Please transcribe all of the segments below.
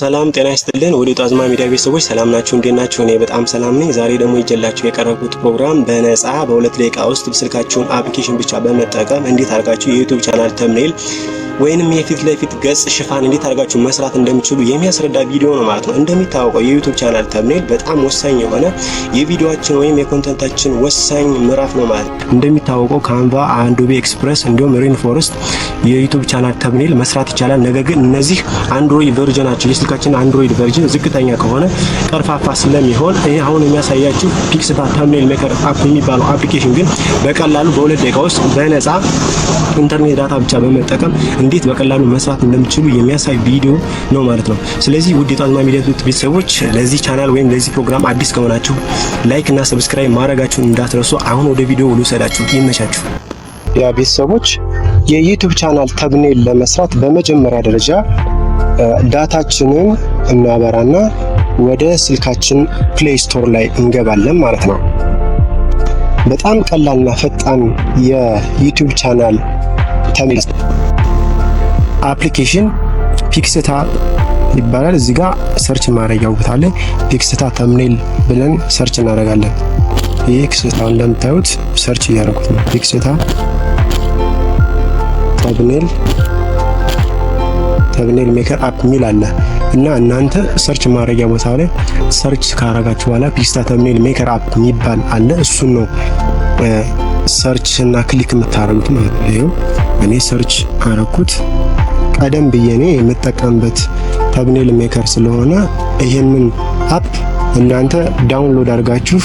ሰላም ጤና ይስጥልን። ወደ ጣዝማ ሚዲያ ቤተሰቦች ሰላም ናችሁ? እንዴት ናችሁ? እኔ በጣም ሰላም ነኝ። ዛሬ ደግሞ ይጀላችሁ የቀረብኩት ፕሮግራም በነጻ በሁለት ደቂቃ ውስጥ ስልካችሁን አፕሊኬሽን ብቻ በመጠቀም እንዴት አድርጋችሁ የዩቲዩብ ቻናል ተምኔል ወይንም የፊት ለፊት ገጽ ሽፋን እንዴት አድርጋችሁ መስራት እንደሚችሉ የሚያስረዳ ቪዲዮ ነው ማለት ነው። እንደሚታወቀው የዩቱብ ቻናል ተምኔል በጣም ወሳኝ የሆነ የቪዲዮችን ወይም የኮንተንታችን ወሳኝ ምዕራፍ ነው ማለት ነው። እንደሚታወቀው ካንቫ፣ አዶቤ ኤክስፕረስ እንዲሁም ሬንፎረስት የዩቱብ ቻናል ተምኔል መስራት ይቻላል። ነገር ግን እነዚህ አንድሮይድ ቨርዥናቸው የስልካችን አንድሮይድ ቨርዥን ዝቅተኛ ከሆነ ቀርፋፋ ስለሚሆን ይህ አሁን የሚያሳያችሁ ፒክስታ ተምኔል ሜከር አፕ የሚባለው አፕሊኬሽን ግን በቀላሉ በሁለት ደቂቃ ውስጥ በነፃ ኢንተርኔት ዳታ ብቻ በመጠቀም እንዴት በቀላሉ መስራት እንደምትችሉ የሚያሳይ ቪዲዮ ነው ማለት ነው። ስለዚህ ውድ የጣዝማ ሚዲያ ዩቲዩብ ቤተሰቦች ለዚህ ቻናል ወይም ለዚህ ፕሮግራም አዲስ ከሆናችሁ ላይክ እና ሰብስክራይብ ማድረጋችሁን እንዳትረሱ። አሁን ወደ ቪዲዮ ልውሰዳችሁ። ይመቻችሁ። ያ ቤተሰቦች የዩቲዩብ ቻናል ተብኔል ለመስራት በመጀመሪያ ደረጃ ዳታችንን እናበራና ወደ ስልካችን ፕሌይ ስቶር ላይ እንገባለን ማለት ነው። በጣም ቀላልና ፈጣን የዩቲዩብ ቻናል ተብኔል አፕሊኬሽን ፒክስታ ይባላል። እዚህ ጋር ሰርች ማድረጊያ ቦታ አለ። ፒክስታ ተምኔል ብለን ሰርች እናደርጋለን። ይህ ክስታ እንደምታዩት ሰርች እያደረጉት ነው። ፒክስታ ተምኔል ተምኔል ሜከር አፕ ሚል አለ እና እናንተ ሰርች ማድረጊያ ቦታ ላይ ሰርች ካረጋችሁ በኋላ ፒክስታ ተምኔል ሜከር አፕ የሚባል አለ። እሱን ነው ሰርች እና ክሊክ የምታደርጉት ማለት ነው። እኔ ሰርች አረኩት። ቀደም ብዬ እኔ የምጠቀምበት ተብኔል ሜከር ስለሆነ ይህንን አፕ እናንተ ዳውንሎድ አድርጋችሁ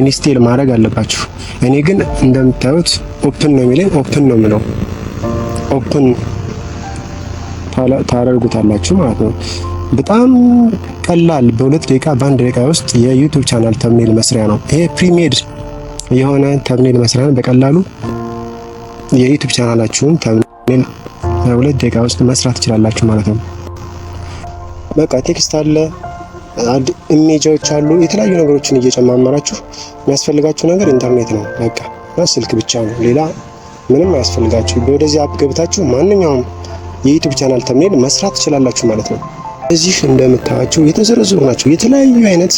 ኢንስቴል ማድረግ አለባችሁ። እኔ ግን እንደምታዩት ኦፕን ነው የሚለኝ፣ ኦፕን ነው የሚለው። ኦፕን ታደርጉታላችሁ ማለት ነው። በጣም ቀላል በሁለት ደቂቃ በአንድ ደቂቃ ውስጥ የዩቱብ ቻናል ተብኔል መስሪያ ነው። ይሄ ፕሪሜድ የሆነ ተብኔል መስሪያን በቀላሉ የዩቱብ ቻናላችሁን ተብኔል ሁለት ደቂቃ ውስጥ መስራት ትችላላችሁ ማለት ነው። በቃ ቴክስት አለ፣ ኢሜጆች አሉ፣ የተለያዩ ነገሮችን እየጨማመራችሁ የሚያስፈልጋችሁ ነገር ኢንተርኔት ነው በቃ እና ስልክ ብቻ ነው። ሌላ ምንም አያስፈልጋችሁ። በወደዚህ አፕ ገብታችሁ ማንኛውም የዩቲዩብ ቻናል ተምኔል መስራት ትችላላችሁ ማለት ነው። እዚህ እንደምታዩቸው የተዘረዘሩ ናቸው የተለያዩ አይነት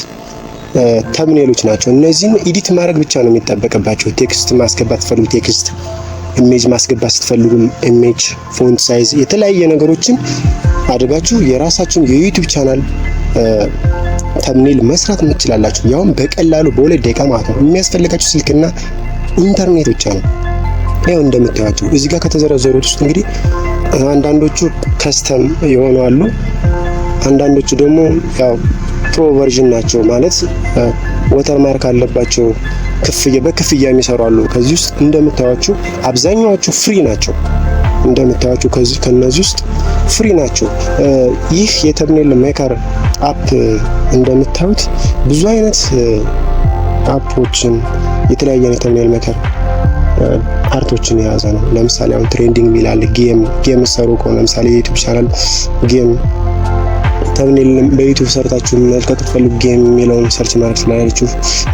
ተምኔሎች ናቸው። እነዚህም ኢዲት ማድረግ ብቻ ነው የሚጠበቅባቸው። ቴክስት ማስገባት ፈልጉ ቴክስት ኢሜጅ ማስገባት ስትፈልጉም ኢሜጅ፣ ፎንት ሳይዝ፣ የተለያየ ነገሮችን አድርጋችሁ የራሳችሁን የዩቲዩብ ቻናል ተምኔል መስራት የምትችላላችሁ። ያውም በቀላሉ በሁለት ደቂቃ ማለት ነው። የሚያስፈልጋችሁ ስልክና ኢንተርኔት ብቻ ነው። ያው እንደምታዩቸው እዚህ ጋር ከተዘረዘሩት ውስጥ እንግዲህ አንዳንዶቹ ከስተም የሆኑ አሉ። አንዳንዶቹ ደግሞ ያው ፕሮ ቨርዥን ናቸው ማለት ወተር ማርክ አለባቸው። ክፍያ በክፍያ የሚሰሩ አሉ። ከዚህ ውስጥ እንደምታዩቸው አብዛኛዎቹ ፍሪ ናቸው። እንደምታዩቸው ከዚህ ከነዚህ ውስጥ ፍሪ ናቸው። ይህ የተምኔል ሜከር አፕ እንደምታዩት ብዙ አይነት አፖችን የተለያየ አይነት የተምኔል ሜከር አርቶችን የያዘ ነው። ለምሳሌ አሁን ትሬንዲንግ የሚላል ጌም ጌም ሰሩ ከሆነ ለምሳሌ የዩቲዩብ ቻናል ጌም ተምኔል በዩቲዩብ ሰርታችሁ መልቀቅ ትፈልጉ ጌም የሚለውን ሰርች ማድረግ ስላላችሁ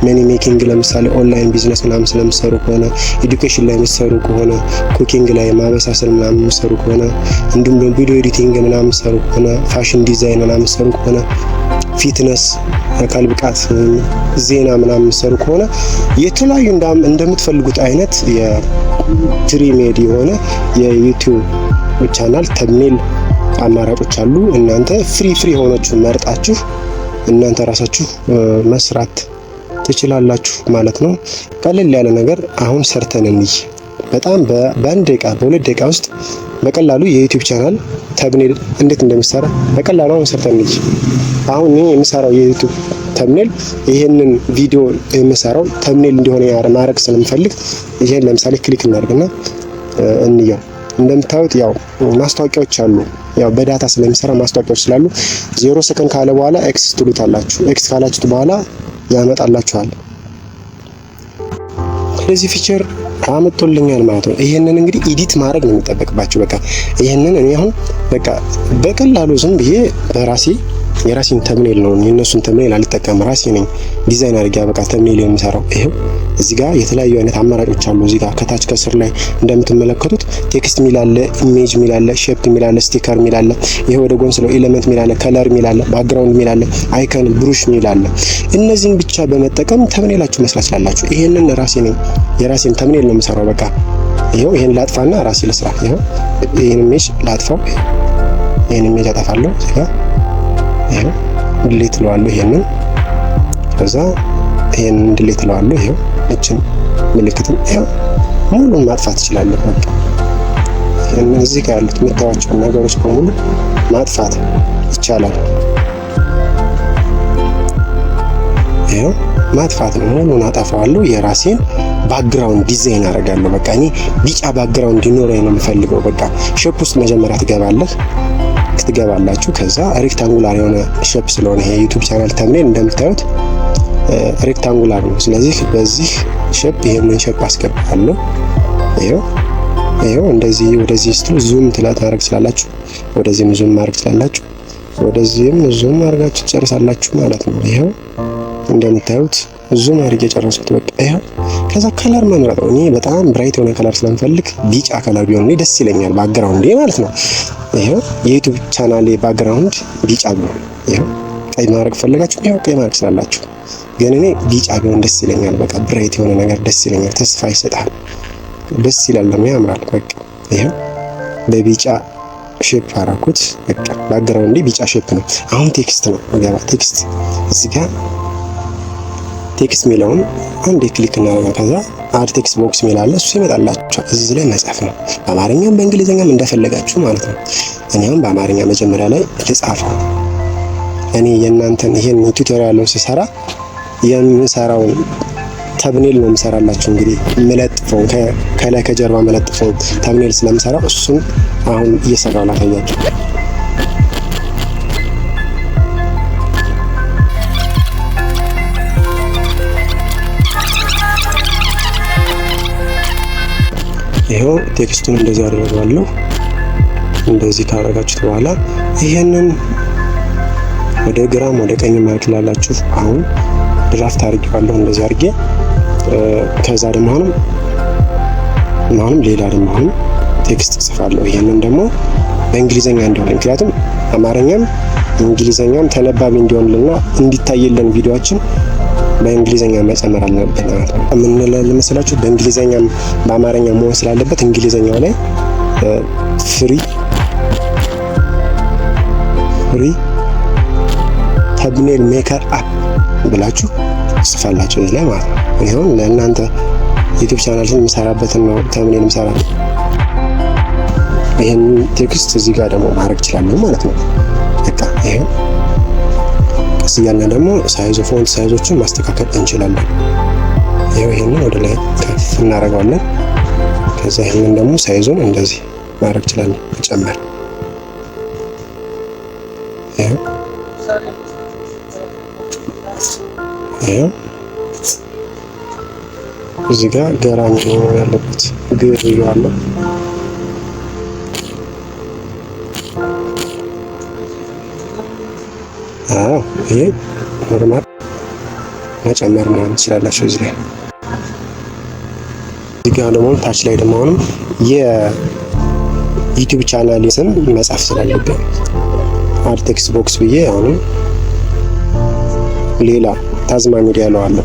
መኒ ሜኪንግ ለምሳሌ ኦንላይን ቢዝነስ ምናምን ስለምሰሩ ከሆነ ኤዱኬሽን ላይ የምሰሩ ከሆነ ኩኪንግ ላይ ማበሳሰል ምናምን የምሰሩ ከሆነ እንዲሁም ደግሞ ቪዲዮ ኤዲቲንግ ምናምን የምሰሩ ከሆነ ፋሽን ዲዛይን ምናምን የምሰሩ ከሆነ ፊትነስ፣ አካል ብቃት፣ ዜና ምናምን የምሰሩ ከሆነ የተለያዩ እንደምትፈልጉት አይነት የትሪሜድ የሆነ የዩቲዩብ ቻናል ተምኔል አማራጮች አሉ። እናንተ ፍሪ ፍሪ የሆነችሁ መርጣችሁ እናንተ ራሳችሁ መስራት ትችላላችሁ ማለት ነው። ቀለል ያለ ነገር አሁን ሰርተን እንይ። በጣም በአንድ ደቂቃ በሁለት ደቂቃ ውስጥ በቀላሉ የዩቲዩብ ቻናል ተብኔል እንዴት እንደሚሰራ በቀላሉ አሁን ሰርተን እንይ። አሁን እኔ የምሰራው የዩቲዩብ ተብኔል ይህንን ቪዲዮ የምሰራው ተብኔል እንዲሆነ ማድረግ ስለምፈልግ ይህን ለምሳሌ ክሊክ እናደርግና እንየው። እንደምታዩት ያው ማስታወቂያዎች አሉ። ያው በዳታ ስለሚሰራ ማስታወቂያዎች ስላሉ ዜሮ ሰከንድ ካለ በኋላ ኤክስ ትሉታላችሁ። ኤክስ ካላችሁት በኋላ ያመጣላችኋል። ስለዚህ ፊቸር አመጥቶልኛል ማለት ነው። ይህንን እንግዲህ ኢዲት ማድረግ ነው የሚጠበቅባቸው። በቃ ይሄንን እኔ አሁን በቃ በቀላሉ ዝም ብዬ በራሴ የራሴን ተምኔል ነው የእነሱን ተምኔል አልጠቀም ራሴ ነኝ ዲዛይን አድርጌ በቃ ተምኔል የምሰራው። ይሄው እዚህ ጋር የተለያዩ አይነት አማራጮች አሉ። እዚህ ጋር ከታች ከስር ላይ እንደምትመለከቱት ቴክስት ሚላለ፣ ኢሜጅ ሚላለ፣ ሼፕ ሚላለ፣ ስቲከር ሚላለ፣ ይሄ ወደ ጎን ስለው ኤሌመንት ሚላለ፣ ከለር ሚላለ፣ ባክግራውንድ ሚላለ፣ አይከን ብሩሽ ሚላለ። እነዚህን ብቻ በመጠቀም ተምኔላችሁ መስራት ስላላችሁ ይሄንን ራሴ ነኝ የራሴን ተምኔል ነው የምሰራው። በቃ ይሄው ይሄን ላጥፋና ራሴ ልስራ። ይሄው ይሄን ኢሜጅ ላጥፋው። ይሄን ኢሜጅ አጠፋለሁ እዚህ ጋር ይሄው ድሌት ለዋለሁ ይሄንን ከዛ ይሄንን ድሌት እለዋለሁ። ይሄው እችን ምልክትን ይሄው ሙሉን ማጥፋት እችላለሁ። በቃ ይሄንን ጋር ያሉት የምታዩዋቸውን ነገሮች በሙሉ ማጥፋት ይቻላል። ይሄው ማጥፋት ነው። ሙሉን አጠፋዋለሁ። የራሴን ባክግራውንድ ዲዛይን አደርጋለሁ። በቃ እኔ ቢጫ ባክግራውንድ እንዲኖረኝ ነው የምፈልገው። በቃ ሼፕ ውስጥ መጀመሪያ ትገባለህ። ትገባላችሁ። ከዛ ሬክታንጉላር የሆነ ሼፕ ስለሆነ ይሄ ዩቲዩብ ቻናል ተምኔል እንደምታዩት ሬክታንጉላር ነው። ስለዚህ በዚህ ሼፕ ይሄንን ሼፕ አስገባለሁ። ይሄው ይሄው እንደዚህ ወደዚህ ስትሉ ዙም ማድረግ ስላላችሁ ወደዚህም ዙም ማድረግ ስላላችሁ ወደዚህም ዙም አድርጋችሁ ትጨርሳላችሁ ማለት ነው። ይሄው እንደምታዩት ዙም አድርጌ ጨረስኩት። በቃ ይሄው ከዛ ከለር መምረጥ ነው። እኔ በጣም ብራይት የሆነ ከለር ስለምፈልግ ቢጫ ከለር ቢሆን ደስ ይለኛል። ባግራውንድ ማለት ነው። ይሄ የዩቲዩብ ቻናል ባክግራውንድ ቢጫ ቢሆን፣ ይሄ ቀይ ማድረግ ፈለጋችሁ፣ ይኸው ቀይ ማድረግ ስላላችሁ፣ ግን እኔ ቢጫ ቢሆን ደስ ይለኛል። በቃ ብራይት የሆነ ነገር ደስ ይለኛል። ተስፋ ይሰጣል፣ ደስ ይላል፣ ያምራል። በቃ ይሄ በቢጫ ሼፕ አራኩት። በቃ ባግራውንድ ቢጫ ሼፕ ነው። አሁን ቴክስት ነው ገባ ቴክስት እዚህ ጋር ቴክስት የሚለውን አንድ ክሊክ እናደርጋ። ከዛ አድ ቴክስት ቦክስ የሚል አለ፣ እሱ ይመጣላችሁ እዚህ ላይ መጻፍ ነው በአማርኛም በእንግሊዝኛም እንደፈለጋችሁ ማለት ነው። እኛም በአማርኛ መጀመሪያ ላይ ልጻፈው። እኔ የእናንተን ይሄን ቱቶሪያሉን ስሰራ የምሰራውን ተብኔል ነው የምሰራላችሁ። እንግዲህ የምለጥፈው ከላይ ከጀርባ የምለጥፈው ተብኔል ስለምሰራው እሱን አሁን እየሰራው ላሳያችሁ። ይኸው ቴክስቱን እንደዚህ አደርገዋለሁ። እንደዚህ ካረጋችሁት በኋላ ይሄንን ወደ ግራም ወደ ቀኝ ማየት ላላችሁ አሁን ድራፍት አድርጌዋለሁ። እንደዚህ አድርጌ ከዛ ደግሞ አሁንም አሁንም ሌላ ደግሞ አሁን ቴክስት ጽፋለሁ። ይሄንን ደግሞ በእንግሊዘኛ እንዲሆን ምክንያቱም አማርኛም እንግሊዘኛም ተነባቢ እንዲሆንልና እንዲታየልን ቪዲዮችን በእንግሊዝኛ መጨመር አለበት ማለት ነው። የምንለው መሰላችሁ በእንግሊዝኛ በአማርኛ መሆን ስላለበት እንግሊዝኛው ላይ ፍሪ ፍሪ ተብኔል ሜከር አፕ ብላችሁ ጽፋላችሁ ላይ ማለት ነው። ይኸውም ለእናንተ ዩቲዩብ ቻናልን የምሰራበትን ነው ተብኔል የምሰራ ይህን ቴክስት እዚህ ጋር ደግሞ ማድረግ ይችላል ማለት ነው። በቃ ቀስ እያልን ደግሞ ሳይዝ ፎንት ሳይዞችን ማስተካከል እንችላለን። ይኸው ይህንን ወደ ላይ ከፍ እናደርገዋለን። ከዛ ይህንን ደግሞ ሳይዙን እንደዚህ ማድረግ ይችላል መጨመር እዚህ ጋር ገራ እንዲሆን ያለበት ግር እየዋለሁ ይሄ ኖርማል መጨመር መሆን ትችላላችሁ። እዚህ ላይ እዚህ ጋር ደግሞ ታች ላይ ደግሞ አሁንም የዩቲዩብ ቻናል ስም መጻፍ ስላለብኝ አድ ቦክስ ብዬ አሁንም ሌላ ታዝማ ሚዲያ እለዋለሁ።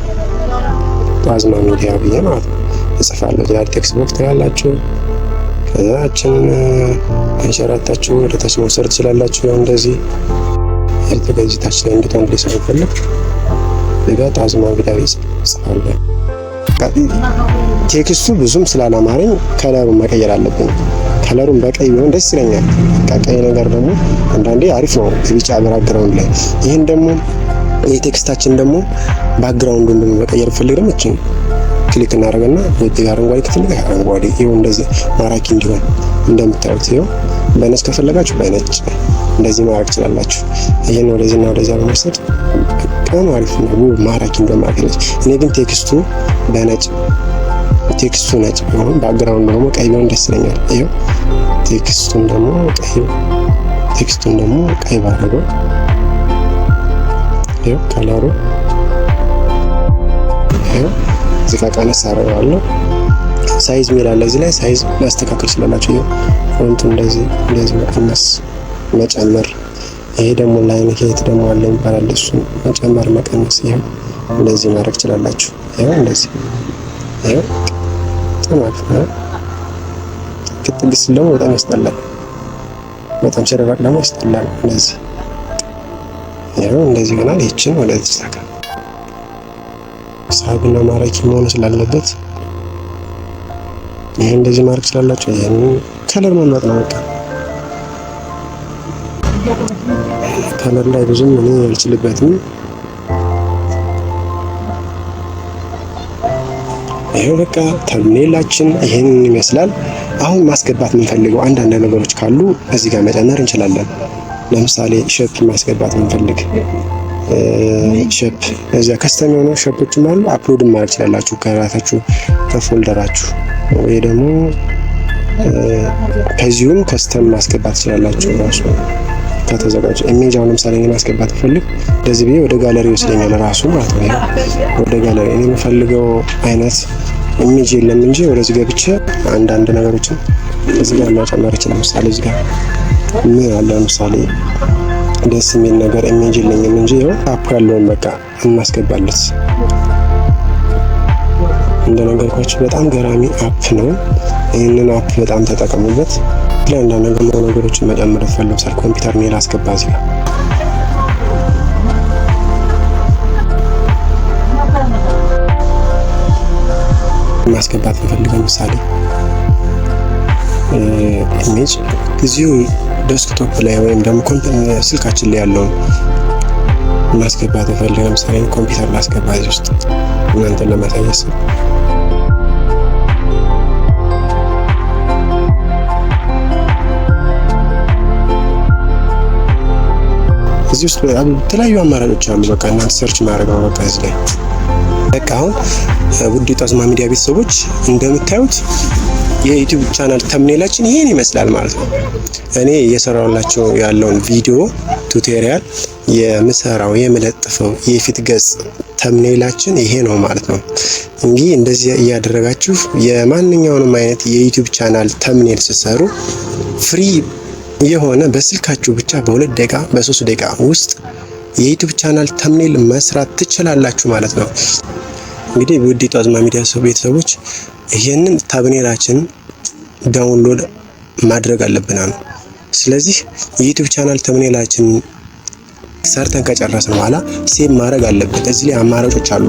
ታዝማ ሚዲያ ብዬ ማለት ነው እጽፋለሁ። ቦክስ ትላላችሁ። ከዛችን አንሸራታችሁ መውሰድ ትችላላችሁ እንደዚህ አልፍ ገንጂ ላይ እንግዲህ እንግዲህ ሳይፈልግ ነገ ጣዝማ ቢዳዊ ጽፋለ ቴክስቱ ብዙም ስላላማረኝ ከለሩን መቀየር አለብኝ። ከለሩን በቀይ ቢሆን ደስ ይለኛል። ቀይ ነገር ደግሞ አንዳንዴ አሪፍ ነው በቢጫ ባግራውንድ ላይ። ይህን ደግሞ የቴክስታችን ደግሞ ባግራውንዱን ደግሞ መቀየር ፈልግ ደግሞ እችን ክሊክ እናደርግና ወጥ አረንጓዴ ከፈለገ አረንጓዴ ይሁን እንደዚህ ማራኪ እንዲሆን እንደምታዩት ይኸው በነጭ ከፈለጋችሁ በነጭ እንደዚህ ማድረግ ትችላላችሁ። ይህን ወደዚህና ወደዚያ በመውሰድ በጣም አሪፍ ነው፣ ውብ ማራኪ እንደ እኔ ግን ቴክስቱ በነጭ ቴክስቱ ነጭ ቢሆን ባክግራውንድ ደግሞ ቀይ ቢሆን ደስ ይለኛል። ይኸው ቴክስቱን ደግሞ ቀይ ቴክስቱን ደግሞ ቀይ ባደረገው ይኸው ከለሩ ይኸው እዚህ ጋር ቀነስ አደረገዋለሁ። ሳይዝ የሚል አለ። እዚህ ላይ ሳይዝ ማስተካከል ስላላቸው ፎንቱ እንደዚህ እንደዚህ መቀነስ መጨመር። ይሄ ደግሞ ላይን ሄት ደግሞ አለ ይባላል። እሱ መጨመር መቀነስ፣ ይሄ እንደዚህ ማድረግ ትችላላችሁ። ይኸው እንደዚህ ይኸው ጥማት ነው። ክትግስ ደግሞ በጣም ያስጠላል። በጣም ሲደረቅ ደግሞ ያስጠላል። እንደዚህ ይኸው እንደዚህ ይሆናል። ይችን ወደ ተስተካከል ሳቢና ማራኪ መሆን ስላለበት ይሄ እንደዚህ ማድረግ ስላላችሁ ይሄን ከለር መምረጥ ነው። በቃ ከለር ላይ ብዙም እኔ አልችልበትም። ይሄ በቃ ተምኔላችን ይሄን ይመስላል። አሁን ማስገባት የምንፈልገው አንዳንድ ነገሮች ካሉ እዚህ ጋር መጨመር እንችላለን። ለምሳሌ ሸፕ ማስገባት የምንፈልግ ሸፕ እዚያ ከስተም የሆነው ሸፖችም አሉ። አፕሎድ ማድረግ ይችላላችሁ ከራሳችሁ ከፎልደራችሁ ወይ ደግሞ ከዚሁም ከስተም ማስገባት ትችላላችሁ። ራሱ ከተዘጋጀ ኢሜጅ አሁን ለምሳሌ እኔ ማስገባት ፈልግ እንደዚህ ብዬ ወደ ጋለሪ ይወስደኛል ራሱ ማለት ነው። ወደ ጋለሪ እኔ የምፈልገው አይነት ኢሜጅ የለም እንጂ ወደዚህ ገብቼ አንዳንድ ነገሮችን እዚህ ጋር መጨመር ይችላል። ለምሳሌ እዚህ ጋር ምን አለ ለምሳሌ ደስ የሚል ነገር ኢሜጅ የለኝም እንጂ ይኸው አፕ ያለውን በቃ እናስገባለት እንደነገርኳችሁ በጣም ገራሚ አፕ ነው። ይህንን አፕ በጣም ተጠቀሙበት። ላይ አንዳንድ ነገር ነገሮችን መጨመር ፈልግ ሳል ኮምፒውተር ሜል አስገባ እዚህ ማስገባት እንፈልገ ምሳሌ ኢሜጅ እዚሁ ዴስክቶፕ ላይ ወይም ደግሞ ስልካችን ላይ ያለውን ማስገባት እንፈልግ ለምሳሌ ኮምፒውተር ላስገባት ውስጥ እናንተን ለማሳየት ስል እዚህ ውስጥ በጣም የተለያዩ አማራጮች አሉ። በቃ እናንተ ሰርች ማድረግ ነው በቃ እዚህ ላይ በቃ አሁን ውድ ጣዝማ ሚዲያ ቤተሰቦች እንደምታዩት የዩቲዩብ ቻናል ተምኔላችን ይሄን ይመስላል ማለት ነው። እኔ እየሰራሁላቸው ያለውን ቪዲዮ ቱቶሪያል የምሰራው የምለጥፈው የፊት ገጽ ተምኔላችን ይሄ ነው ማለት ነው። እንግዲህ እንደዚህ እያደረጋችሁ የማንኛውንም አይነት የዩቲዩብ ቻናል ተምኔል ስትሰሩ ፍሪ የሆነ በስልካችሁ ብቻ በሁለት ደቂቃ በሶስት ደቂቃ ውስጥ የዩቲዩብ ቻናል ተምኔል መስራት ትችላላችሁ ማለት ነው። እንግዲህ ውድ ጧዝማ ሚዲያ ቤተሰቦች ይህንን ተምኔላችን ዳውንሎድ ማድረግ አለብናል። ስለዚህ የዩቲዩብ ቻናል ተምኔላችን ሰርተን ከጨረስን በኋላ ሴም ማድረግ አለበት። እዚህ ላይ አማራጮች አሉ።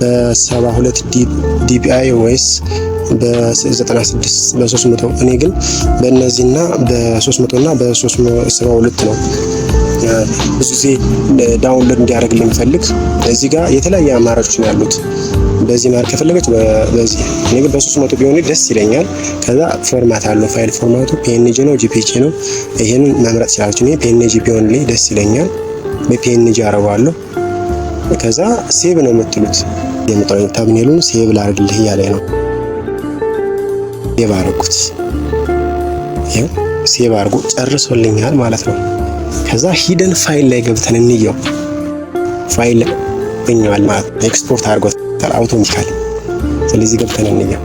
በ72 ዲፒአይ ወይስ በ96 በ300 እኔ ግን በእነዚህና በ300 እና በ372 ነው ብዙ ጊዜ ዳውንሎድ እንዲያደርግልኝ ፈልግ። እዚህ ጋር የተለያየ አማራጮች ነው ያሉት። በዚህ ማድረግ ከፈለገች በዚህ እኔ ግን በሶስት መቶ ቢሆን ደስ ይለኛል። ከዛ ፎርማት አለው ፋይል ፎርማቱ ፒኤንጂ ነው ጂፒጂ ነው። ይሄንን መምረጥ ስላለች እኔ ፒኤንጂ ቢሆን ላይ ደስ ይለኛል። በፒኤንጂ አረባለሁ። ከዛ ሴቭ ነው የምትሉት የምጠው ታምኔሉን ሴቭ ላርግልህ እያለኝ ነው። ሴቭ አድርጉት። ይሄው ሴቭ አርጉ ጨርሶልኛል ማለት ነው። ከዛ ሂደን ፋይል ላይ ገብተን እንየው። ፋይል ብኛዋል ማለት ኤክስፖርት አድርጎት ምሳሌ ስለዚህ ገብተን እንየው።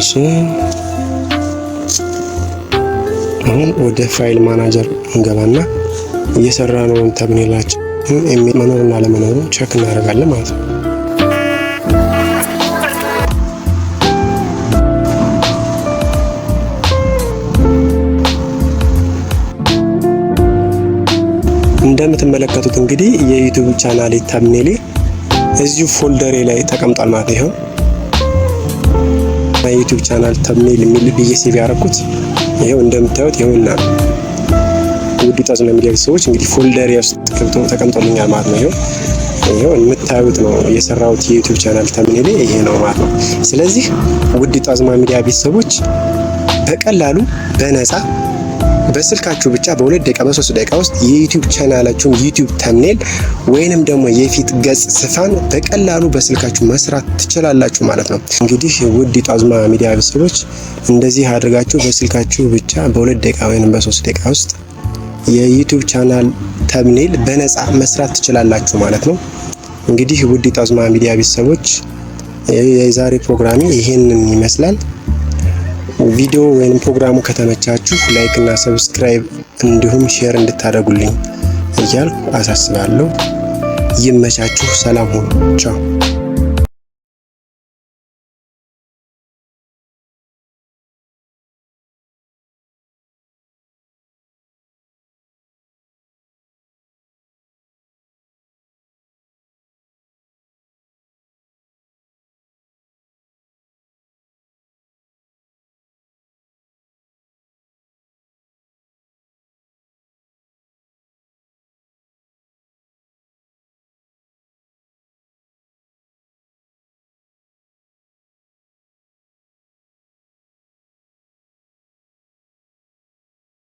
እሺ አሁን ወደ ፋይል ማናጀር እንገባና እየሰራ ነውን ተብኔላችን መኖርና ለመኖሩ ቸክ እናደርጋለን ማለት ነው። እንደምትመለከቱት እንግዲህ የዩቲዩብ ቻናል ታምኔሌ እዚሁ ፎልደሬ ላይ ተቀምጧል ማለት ነው። ይሄው የዩቲዩብ ቻናል ታምኔል የሚል ብዬ ሴቭ ያደረኩት ይሄው እንደምታዩት ይኸውና ውድ ነው ሚዲያ ሰዎች እንግዲህ ፎልደሬ ውስጥ ገብቶ ተቀምጦልኛል ማለት ነው። ይሄው ይሄው የምታዩት ነው የሰራሁት የዩቲዩብ ቻናል ታምኔሌ ይሄ ነው ማለት ነው። ስለዚህ ውድ ጣዝማ ሚዲያ ቤተሰቦች በቀላሉ በነፃ በስልካችሁ ብቻ በሁለት ደቂቃ በሶስት ደቂቃ ውስጥ የዩቲዩብ ቻናላችሁን ዩቲዩብ ተምኔል ወይንም ደግሞ የፊት ገጽ ስፋን በቀላሉ በስልካችሁ መስራት ትችላላችሁ ማለት ነው። እንግዲህ ውድ ጣዝማ ሚዲያ ቤተሰቦች እንደዚህ አድርጋችሁ በስልካችሁ ብቻ በሁለት ደቂቃ ወይንም በሶስት ደቂቃ ውስጥ የዩቲዩብ ቻናል ተምኔል በነፃ መስራት ትችላላችሁ ማለት ነው። እንግዲህ ውድ ጣዝማ ሚዲያ ቤተሰቦች የዛሬ ፕሮግራሚ ይሄንን ይመስላል። ቪዲዮ ወይም ፕሮግራሙ ከተመቻችሁ ላይክ እና ሰብስክራይብ እንዲሁም ሼር እንድታደርጉልኝ እያልኩ አሳስባለሁ። ይመቻችሁ። ሰላም ሁኑ። ቻው